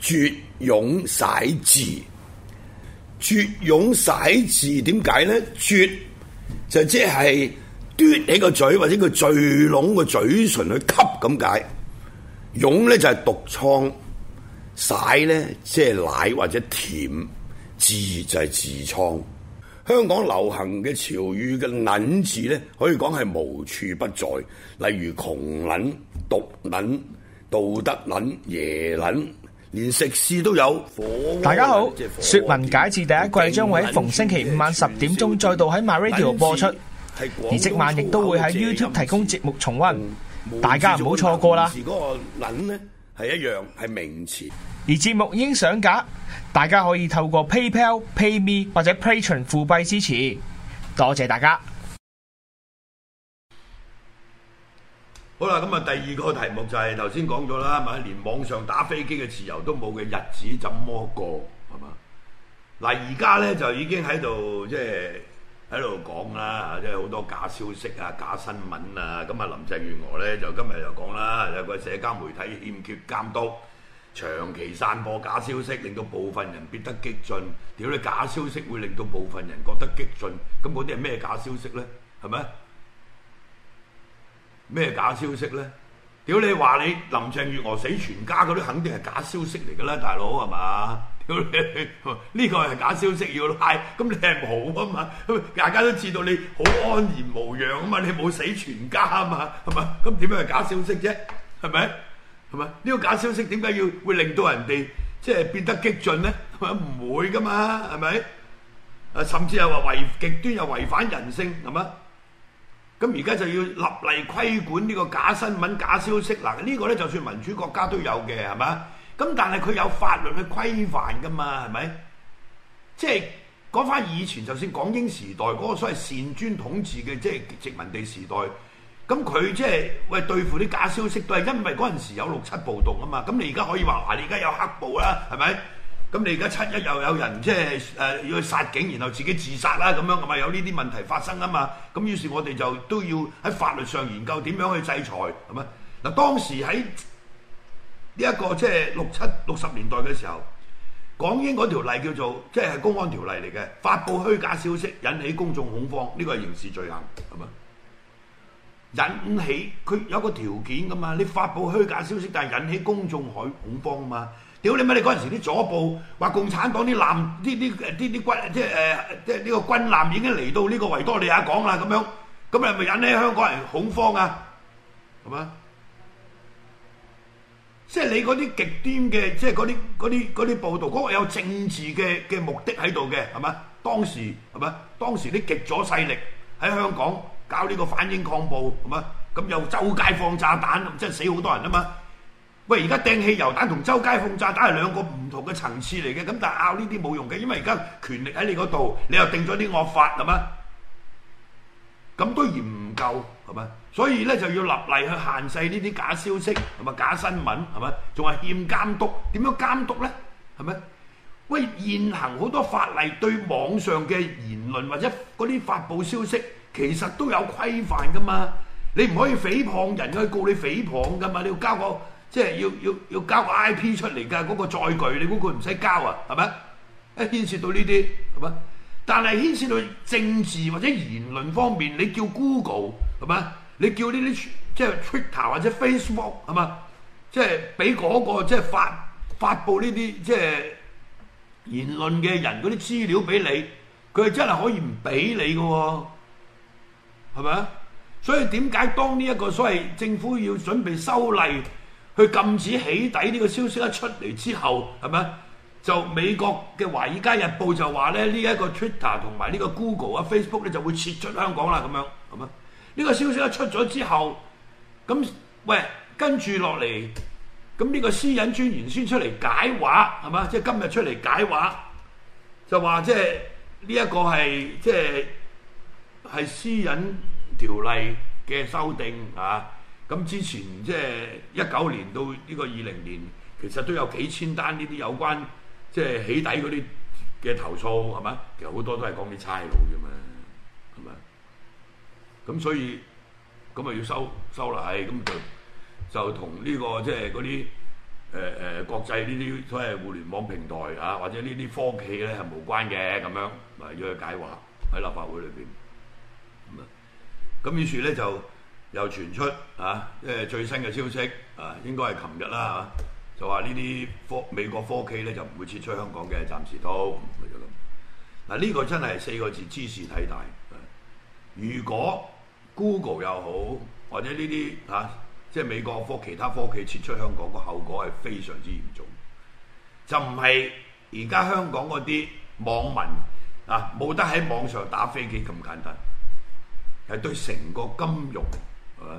絕涌使字，絕涌使字點解呢？絕就即係嘟起個嘴或者個聚攏個嘴唇去吸咁解。涌咧就係、是、毒瘡，使咧即係奶或者甜，字就係痔瘡。香港流行嘅潮語嘅捻字咧，可以講係無處不在。例如窮捻、毒捻、道德捻、耶捻。連食肆都有。大家好，《說文解字》第一季將會逢星期五晚十點鐘再度喺 MyRadio 播出，而即晚亦都會喺 YouTube 提供節目重溫。大家唔好錯過啦！個「諗」呢係一樣係名詞，而節目已經上架，大家可以透過 PayPal、PayMe 或者 Patreon 付費支持，多謝大家。好啦，咁啊，第二個題目就係頭先講咗啦，係咪啊？連網上打飛機嘅自由都冇嘅日子，怎麼過係嘛？嗱，而家呢就已經喺度即係喺度講啦，即係好多假消息啊、假新聞啊。咁啊，林鄭月娥呢，就今日又講啦，有個社交媒體欠缺監督，長期散播假消息，令到部分人變得激進。屌你，假消息會令到部分人覺得激進，咁嗰啲係咩假消息呢？係咪？咩假消息咧？屌你話你林鄭月娥死全家嗰啲，肯定係假消息嚟噶啦，大佬係嘛？屌你，呢個係假消息要拉，咁你係好啊嘛？大家都知道你好安然無恙啊嘛，你冇死全家啊嘛，係嘛？咁點解係假消息啫？係咪？係咪？呢個假消息點解要會令到人哋即係變得激進咧？係咪？唔會噶嘛？係咪？啊，甚至係話違極端又違反人性，係嘛？咁而家就要立例規管呢個假新聞、假消息。嗱，呢個呢，就算民主國家都有嘅，係咪？咁但係佢有法律去規範噶嘛，係咪？即係講翻以前，就算港英時代嗰個所謂善專統治嘅，即係殖民地時代，咁佢即係喂對付啲假消息，都係因為嗰陣時有六七暴動啊嘛。咁你而家可以話、啊，你而家有黑暴啦，係咪？咁你而家七一又有人即係誒要去殺警，然後自己自殺啦咁樣噶嘛？有呢啲問題發生啊嘛？咁於是，我哋就都要喺法律上研究點樣去制裁，係嘛？嗱，當時喺呢一個即係六七六十年代嘅時候，港英條例叫做即係公安條例嚟嘅，發布虛假消息引起公眾恐慌，呢個係刑事罪行，係嘛？引起佢有個條件噶嘛？你發布虛假消息，但係引起公眾海恐慌啊嘛？屌你乜！你嗰陣時啲左部話共產黨啲艦啲啲啲啲軍即係誒即係呢個軍艦已經嚟到呢個維多利亞港啦咁樣，咁係咪引起香港人恐慌啊，係嘛？即係你嗰啲極端嘅，即係嗰啲嗰啲嗰啲報道嗰個有政治嘅嘅目的喺度嘅，係嘛？當時係嘛？當時啲極左勢力喺香港搞呢個反英抗暴，係嘛？咁又周街放炸彈，即係死好多人啊嘛！喂，而家掟汽油彈同周街放炸彈係兩個唔同嘅層次嚟嘅，咁但係拗呢啲冇用嘅，因為而家權力喺你嗰度，你又定咗啲惡法係嘛？咁當然唔夠係嘛，所以咧就要立例去限制呢啲假消息係咪？假新聞係咪？仲係欠監督，點樣監督咧係咪？喂，現行好多法例對網上嘅言論或者嗰啲發布消息，其實都有規範㗎嘛。你唔可以誹謗人，佢告你誹謗㗎嘛，你要交個。即係要要要交個 I P 出嚟㗎，嗰個載具你估佢唔使交啊？係咪？一牽涉到呢啲係咪？但係牽涉到政治或者言論方面，你叫 Google 係咪？你叫呢啲即係 Twitter 或者 Facebook 係嘛？即係俾嗰個即係發發布呢啲即係言論嘅人嗰啲資料俾你，佢係真係可以唔俾你㗎喎？係咪啊？所以點解當呢一個所謂政府要準備修例？佢禁止起底呢個消息一出嚟之後，係咪就美國嘅《華爾街日報》就話咧呢一個 Twitter 同埋呢個 Google 啊 Facebook 咧就會撤出香港啦咁樣，係咪？呢個消息一出咗之後，咁喂跟住落嚟，咁呢個私隱專員先出嚟解話，係咪？即係今日出嚟解話，就話即係呢一個係即係係私隱條例嘅修訂啊！咁之前即係一九年到呢個二零年，其實都有幾千單呢啲有關即係起底嗰啲嘅投訴，係咪？其實好多都係講啲差佬啫嘛，係咪？咁所以咁啊要收收啦，係咁就就同呢個即係嗰啲誒誒國際呢啲所謂互聯網平台啊，或者呢啲科技咧係無關嘅咁樣，咪要去解話喺立法會裏邊咁啊。咁於是咧就。又傳出啊，即係最新嘅消息啊，應該係琴日啦嚇，就話呢啲科美國科技咧就唔會撤出香港嘅，暫時都唔會㗎啦、嗯、就咁、是。嗱、啊、呢、這個真係四個字，茲事體大、啊。如果 Google 又好，或者呢啲嚇，即、啊、係、就是、美國科其他科技撤出香港，個後果係非常之嚴重。就唔係而家香港嗰啲網民啊，冇得喺網上打飛機咁簡單，係對成個金融。係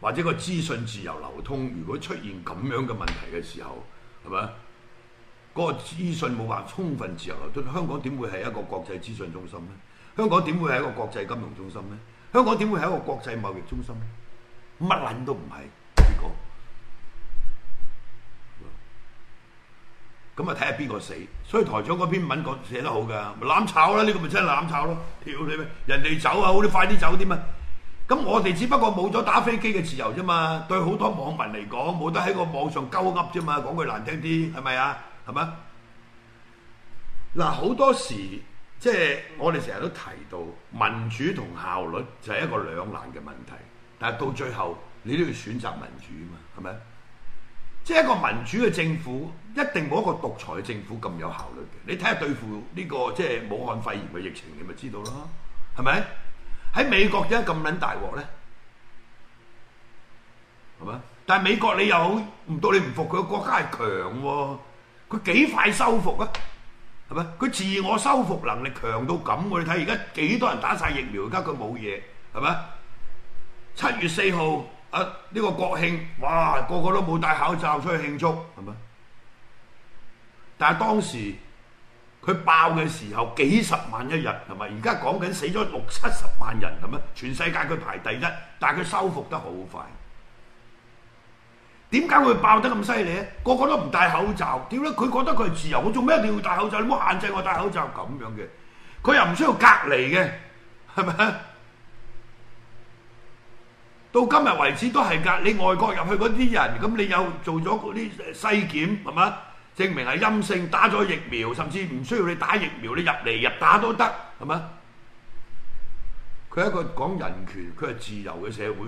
或者個資訊自由流通，如果出現咁樣嘅問題嘅時候，係嘛？嗰、那個資訊冇話充分自由，流通。香港點會係一個國際資訊中心呢？香港點會係一個國際金融中心呢？香港點會係一個國際貿易中心呢？乜撚都唔係呢個。咁啊，睇下邊個死。所以台長嗰篇文講寫得好㗎，咪攬炒啦！呢、這個咪真係攬炒咯！屌你咪，人哋走啊，好啲快啲走啲嘛～咁我哋只不過冇咗打飛機嘅自由啫嘛，對好多網民嚟講冇得喺個網上鳩噏啫嘛，講句難聽啲，係咪啊？係咪？嗱，好多時即係、就是、我哋成日都提到民主同效率就係一個兩難嘅問題，但係到最後你都要選擇民主啊嘛，係咪？即、就、係、是、一個民主嘅政府一定冇一個獨裁政府咁有效率嘅，你睇下對付呢、這個即係、就是、武漢肺炎嘅疫情你咪知道咯，係咪？喺美國點解咁撚大鑊咧？係咪？但係美國你又好唔到，你唔服佢個國家係強喎，佢幾快修復啊？係咪？佢自我修復能力強到咁喎！你睇而家幾多人打晒疫苗，而家佢冇嘢，係咪？七月四號啊，呢個國慶，哇，個個都冇戴口罩出去慶祝，係咪？但係當時。佢爆嘅時候幾十萬一日係咪？而家講緊死咗六七十萬人係咪？全世界佢排第一，但係佢收復得好快。點解會爆得咁犀利咧？個個都唔戴口罩，點解？佢覺得佢係自由，我做咩一定要戴口罩？你冇限制我戴口罩咁樣嘅，佢又唔需要隔離嘅，係咪啊？到今日為止都係㗎。你外國入去嗰啲人，咁你又做咗嗰啲篩檢係嗎？證明係陰性，打咗疫苗，甚至唔需要你打疫苗，你入嚟入打都得，係咪？佢係一個講人權，佢係自由嘅社會，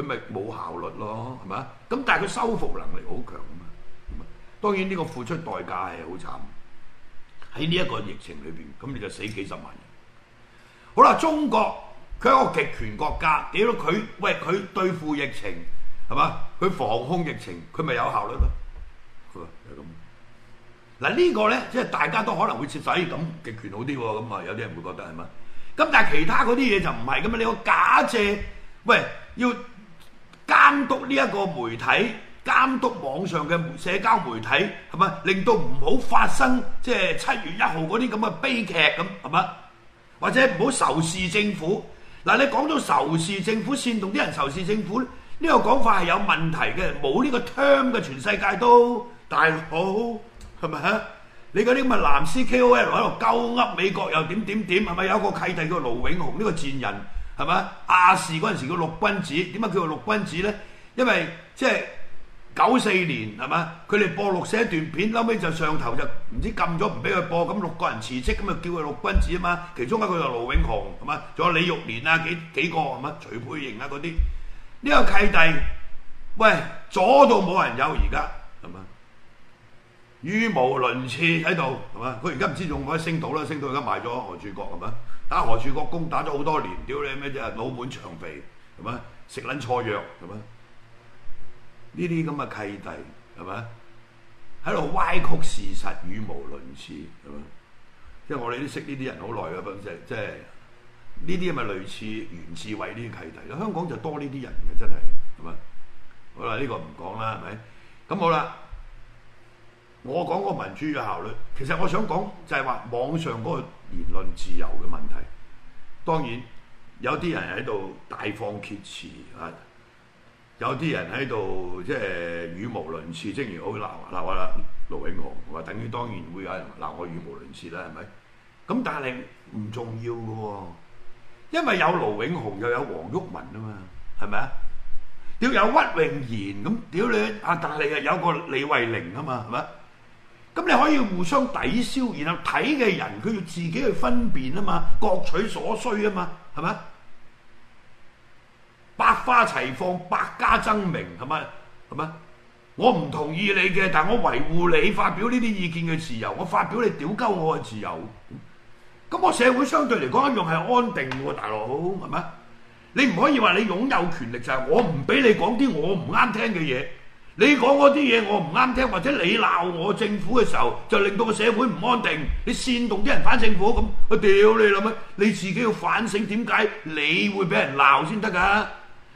佢咪冇效率咯，係咪？咁但係佢收復能力好強啊嘛。當然呢個付出代價係好慘，喺呢一個疫情裏邊，咁你就死幾十萬人。好啦，中國佢係一個極權國家，屌佢喂佢對付疫情係嘛？佢防控疫情，佢咪有效率咯？係咁。嗱，呢個咧，即係大家都可能會切使咁極權好啲喎，咁啊有啲人會覺得係嘛？咁但係其他嗰啲嘢就唔係咁啊！你假借喂要監督呢一個媒體，監督網上嘅社交媒體，係咪令到唔好發生即係七月一號嗰啲咁嘅悲劇，咁係咪？或者唔好仇視政府？嗱，你講到仇視政府，煽動啲人仇視政府咧，呢個講法係有問題嘅，冇呢個 term 嘅，全世界都大佬。係咪啊？你嗰啲咁嘅藍絲 K.O.L 喺度鳩噏美國又點點點，係咪有一個契弟叫盧永雄呢個賤人，係咪啊？亞視嗰陣時個六君子點解叫做六君子咧？因為即係九四年係咪？佢哋播六四一段片，後尾就上頭就唔知禁咗唔俾佢播，咁六個人辭職咁就叫佢六君子啊嘛。其中一個就盧永雄係咪？仲有李玉蓮啊，幾個幾個係咪？徐佩瑩啊嗰啲呢個契弟，喂左到冇人有而家係咪？語無倫次喺度，係嘛？佢而家唔知仲可以升到啦，升到而家賣咗何柱國係嘛？打何柱國工，打咗好多年，屌你咩啫？腦滿腸肥係嘛？食撚錯藥係嘛？呢啲咁嘅契弟係嘛？喺度歪曲事實，語無倫次係嘛？即係我哋都識呢啲人好耐嘅，即係即係呢啲係咪類似袁志偉呢啲契弟咯。香港就多呢啲人嘅，真係係嘛？好啦，呢個唔講啦，係咪？咁好啦。我講個民主嘅效率，其實我想講就係話網上嗰個言論自由嘅問題。當然有啲人喺度大放厥詞啊，有啲人喺度即係語無倫次。正如好鬧鬧下啦，盧永雄話等於當然會有人鬧我語無倫次啦，係咪？咁但係唔重要嘅喎，因為有盧永雄又有黃毓民啊嘛，係咪啊？屌有屈永賢咁屌你，啊，但你又有個李慧玲啊嘛，係咪？咁你可以互相抵消，然後睇嘅人佢要自己去分辨啊嘛，各取所需啊嘛，係咪？百花齊放，百家爭鳴，係咪？係咪？我唔同意你嘅，但我維護你發表呢啲意見嘅自由，我發表你屌鳩我嘅自由。咁我社會相對嚟講一樣係安定喎，大佬係咪？你唔可以話你擁有權力就係、是、我唔俾你講啲我唔啱聽嘅嘢。你講嗰啲嘢我唔啱聽，或者你鬧我政府嘅時候，就令到個社會唔安定。你煽動啲人反政府咁，我屌你諗咩？你自己要反省點解你會俾人鬧先得噶？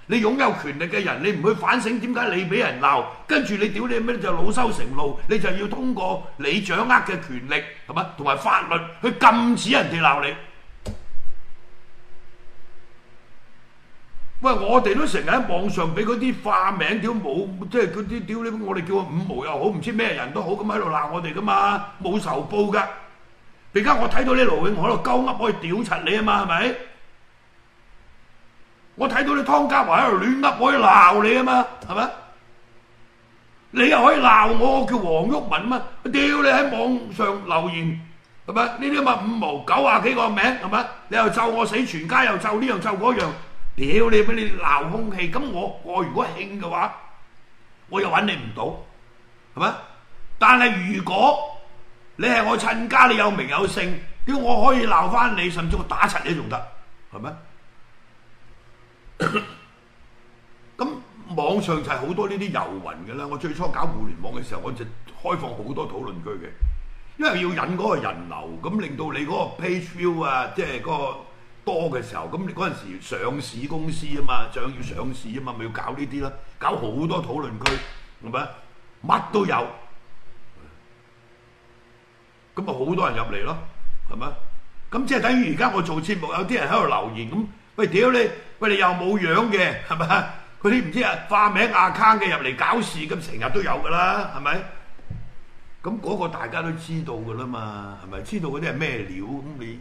你擁有權力嘅人，你唔去反省點解你俾人鬧，跟住你屌你咩就老羞成怒，你就要通過你掌握嘅權力係嘛，同埋法律去禁止人哋鬧你。喂，我哋都成日喺網上俾嗰啲化名屌冇，即係嗰啲屌你，我哋叫佢五毛又好，唔知咩人都好，咁喺度鬧我哋噶嘛，冇仇報噶。而家我睇到你羅永浩喺度鳩噏，可以屌柒你啊嘛，係咪？我睇到你湯家華喺度亂噏，可以鬧你啊嘛，係咪？你又可以鬧我叫黃旭文啊嘛，屌你喺網上留言係咪？呢啲乜五毛九啊幾個名係咪？你又咒我死全家，又咒呢樣咒嗰樣。屌你俾你鬧空氣，咁我我如果興嘅話，我又搵你唔到，係咪？但係如果你係我親家，你有名有姓，咁我可以鬧翻你，甚至我打柒你仲得，係咪？咁網上就係好多呢啲遊魂嘅啦。我最初搞互聯網嘅時候，我就開放好多討論區嘅，因為要引嗰個人流，咁令到你嗰個 page view 啊，即係嗰個。多嘅時候，咁你嗰陣時上市公司啊嘛，仲要上市啊嘛，咪要搞呢啲咯，搞好多討論區，係咪？乜都有，咁咪好多人入嚟咯，係咪？咁即係等於而家我做節目，有啲人喺度留言，咁喂，屌你，喂你又冇樣嘅，係咪？佢啲唔知啊化名阿卡嘅入嚟搞事，咁成日都有噶啦，係咪？咁、那、嗰個大家都知道噶啦嘛，係咪？知道嗰啲係咩料咁你？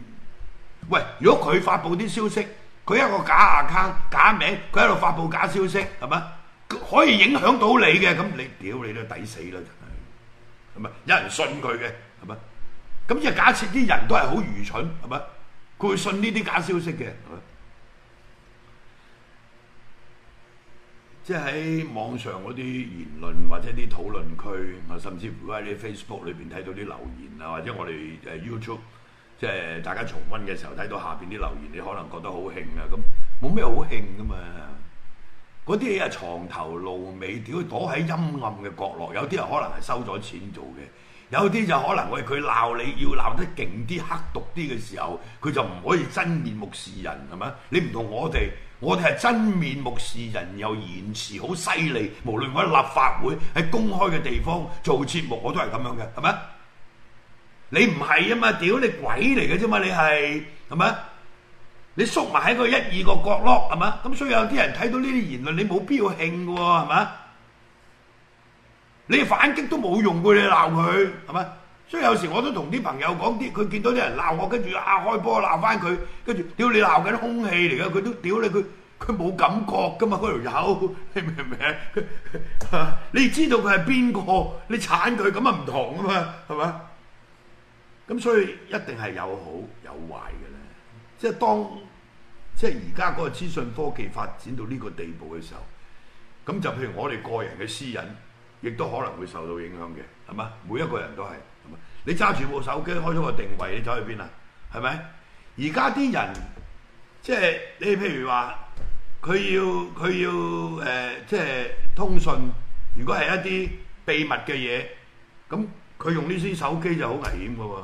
喂，如果佢發布啲消息，佢一個假 account、假名，佢喺度發布假消息，係咪可以影響到你嘅？咁你屌你都抵死啦，係咪有人信佢嘅？係咪？咁即係假設啲人都係好愚蠢，係咪？佢會信呢啲假消息嘅，係咪？即係喺網上嗰啲言論或者啲討論區，甚至乎喺啲 Facebook 裏邊睇到啲留言啊，或者我哋誒 YouTube。即大家重溫嘅時候，睇到下邊啲留言，你可能覺得好興啊！咁冇咩好興噶嘛？嗰啲嘢係藏頭露尾，屌躲喺陰暗嘅角落。有啲人可能係收咗錢做嘅，有啲就可能佢佢鬧你要鬧得勁啲、刻毒啲嘅時候，佢就唔可以真面目示人，係咪？你唔同我哋，我哋係真面目示人，又言辭好犀利。無論我喺立法會，喺公開嘅地方做節目，我都係咁樣嘅，係咪？你唔係啊嘛，屌你鬼嚟嘅啫嘛，你係係咪？你縮埋喺個一二個角落係咪？咁所以有啲人睇到呢啲言論，你冇必要興嘅喎，係咪？你反擊都冇用過，你鬧佢係咪？所以有時我都同啲朋友講啲，佢見到啲人鬧我，跟住啊開波鬧翻佢，跟住屌你鬧緊空氣嚟噶，佢都屌你，佢佢冇感覺噶嘛，嗰條友，你明唔明？ 你知道佢係邊個，你鏟佢咁啊唔同啊嘛，係咪？咁所以一定係有好有壞嘅咧，即係當即係而家嗰個資訊科技發展到呢個地步嘅時候，咁就譬如我哋個人嘅私隱，亦都可能會受到影響嘅，係嘛？每一個人都係，係嘛？你揸住部手機開咗個定位，你走去邊啊？係咪？而家啲人即係、就是、你譬如話，佢要佢要誒，即、呃、係、就是、通訊，如果係一啲秘密嘅嘢，咁。佢用呢啲手機就好危險嘅喎，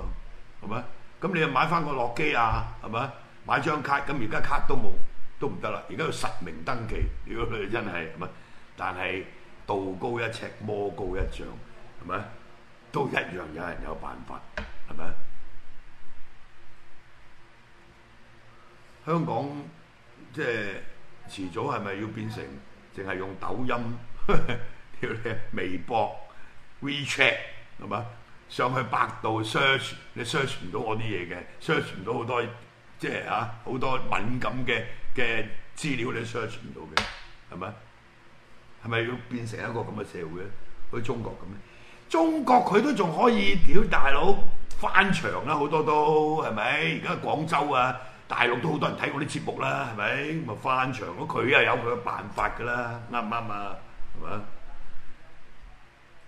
係咪？咁你又買翻個諾基亞，係咪？買張卡，咁而家卡都冇，都唔得啦！而家要實名登記，如果佢真係係咪，但係道高一尺魔高一丈，係咪？都一樣有人有辦法，係咪？香港即係遲早係咪要變成淨係用抖音、 微博、WeChat？係嘛？上去百度 search，你 search 唔到我啲嘢嘅，search 唔到好多，即係啊，好多敏感嘅嘅資料你 search 唔到嘅，係咪？係咪要變成一個咁嘅社會咧？去中國咁咧，中國佢都仲可以屌大佬翻牆啦，好多都係咪？而家廣州啊，大陸都好多人睇我啲節目啦，係咪？咪翻牆，佢又有佢嘅辦法㗎啦，啱唔啱啊？係嘛？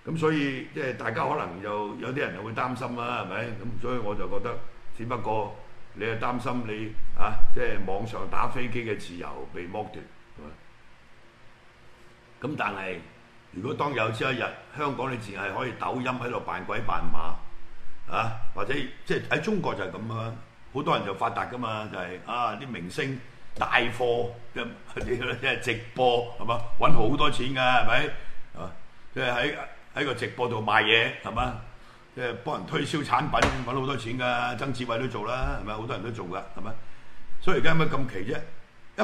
咁所以即係大家可能又有啲人又會擔心啦，係咪？咁所以我就覺得，只不過你係擔心你啊，即係網上打飛機嘅自由被剝奪。咁但係，如果當有朝一日香港你淨係可以抖音喺度扮鬼扮馬啊，或者即係喺中國就係咁啊，好多人就發達㗎嘛，就係啊啲明星帶貨即係直播係嘛，揾好多錢㗎係咪？啊，即係喺。喺個直播度賣嘢係嘛，即係、就是、幫人推銷產品揾好多錢㗎，曾志偉都做啦，係咪好多人都做㗎係嘛？所以而家有咩咁奇啫，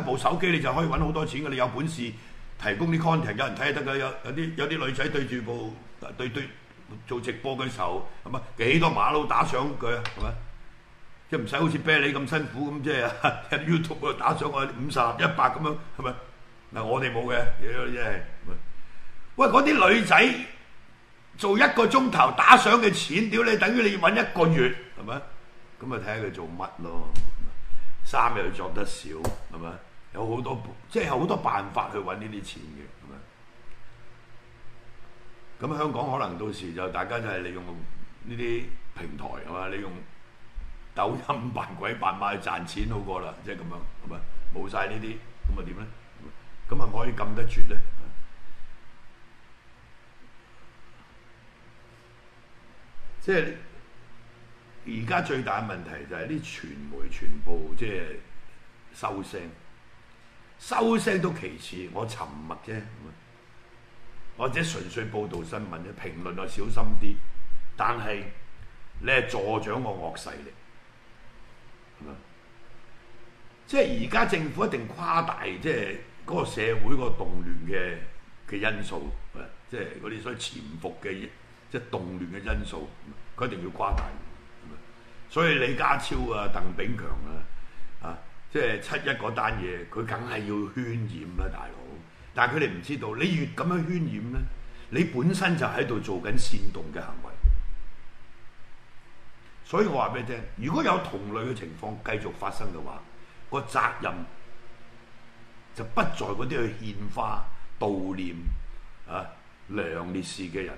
一部手機你就可以揾好多錢㗎，你有本事提供啲 content，有人睇得㗎，有有啲有啲女仔對住部對對，對做直播嘅時候，係咪幾多馬騮打賞佢啊？係咪、就是？即係唔使好似啤梨咁辛苦咁，即係 YouTube 打賞我五十一百咁樣係咪？嗱我哋冇嘅，妖真係喂嗰啲女仔。做一個鐘頭打賞嘅錢，屌你，等於你要揾一個月，係咪？咁咪睇下佢做乜咯。三日作得少，係咪？有好多，即係有好多辦法去揾呢啲錢嘅，係咪？咁香港可能到時就大家就係利用呢啲平台係嘛，你用抖音扮鬼扮馬去賺錢好過啦，即係咁樣，係咪？冇晒呢啲，咁啊點咧？咁啊可以禁得住咧？即係而家最大嘅問題就係啲傳媒全部即係收聲，收聲都其次，我沉默啫，或者純粹報道新聞啫，評論我小心啲。但係你係助長我惡勢力，即係而家政府一定誇大，即係嗰個社會個動亂嘅嘅因素，即係嗰啲所謂潛伏嘅。即係動亂嘅因素，佢一定要誇大，所以李家超啊、鄧炳強啊，啊，即係七一嗰單嘢，佢梗係要渲染啦，大佬。但係佢哋唔知道，你越咁樣渲染咧，你本身就喺度做緊煽動嘅行為。所以我話俾你聽，如果有同類嘅情況繼續發生嘅話，個責任就不在嗰啲去獻花悼念啊梁烈士嘅人。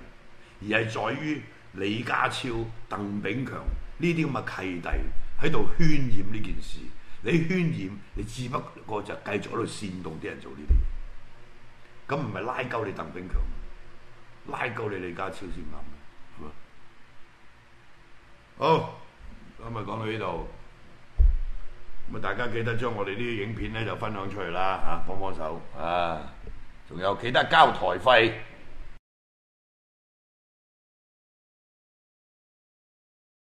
而係在於李家超、鄧炳強呢啲咁嘅契弟喺度渲染呢件事，你渲染，你只不過就繼續喺度煽動啲人做呢啲嘢。咁唔係拉高你鄧炳強，拉高你李家超。先啱好，好，今日講到呢度，咁啊，大家記得將我哋呢啲影片咧就分享出去啦，嚇，幫幫手啊！仲有記得交台費。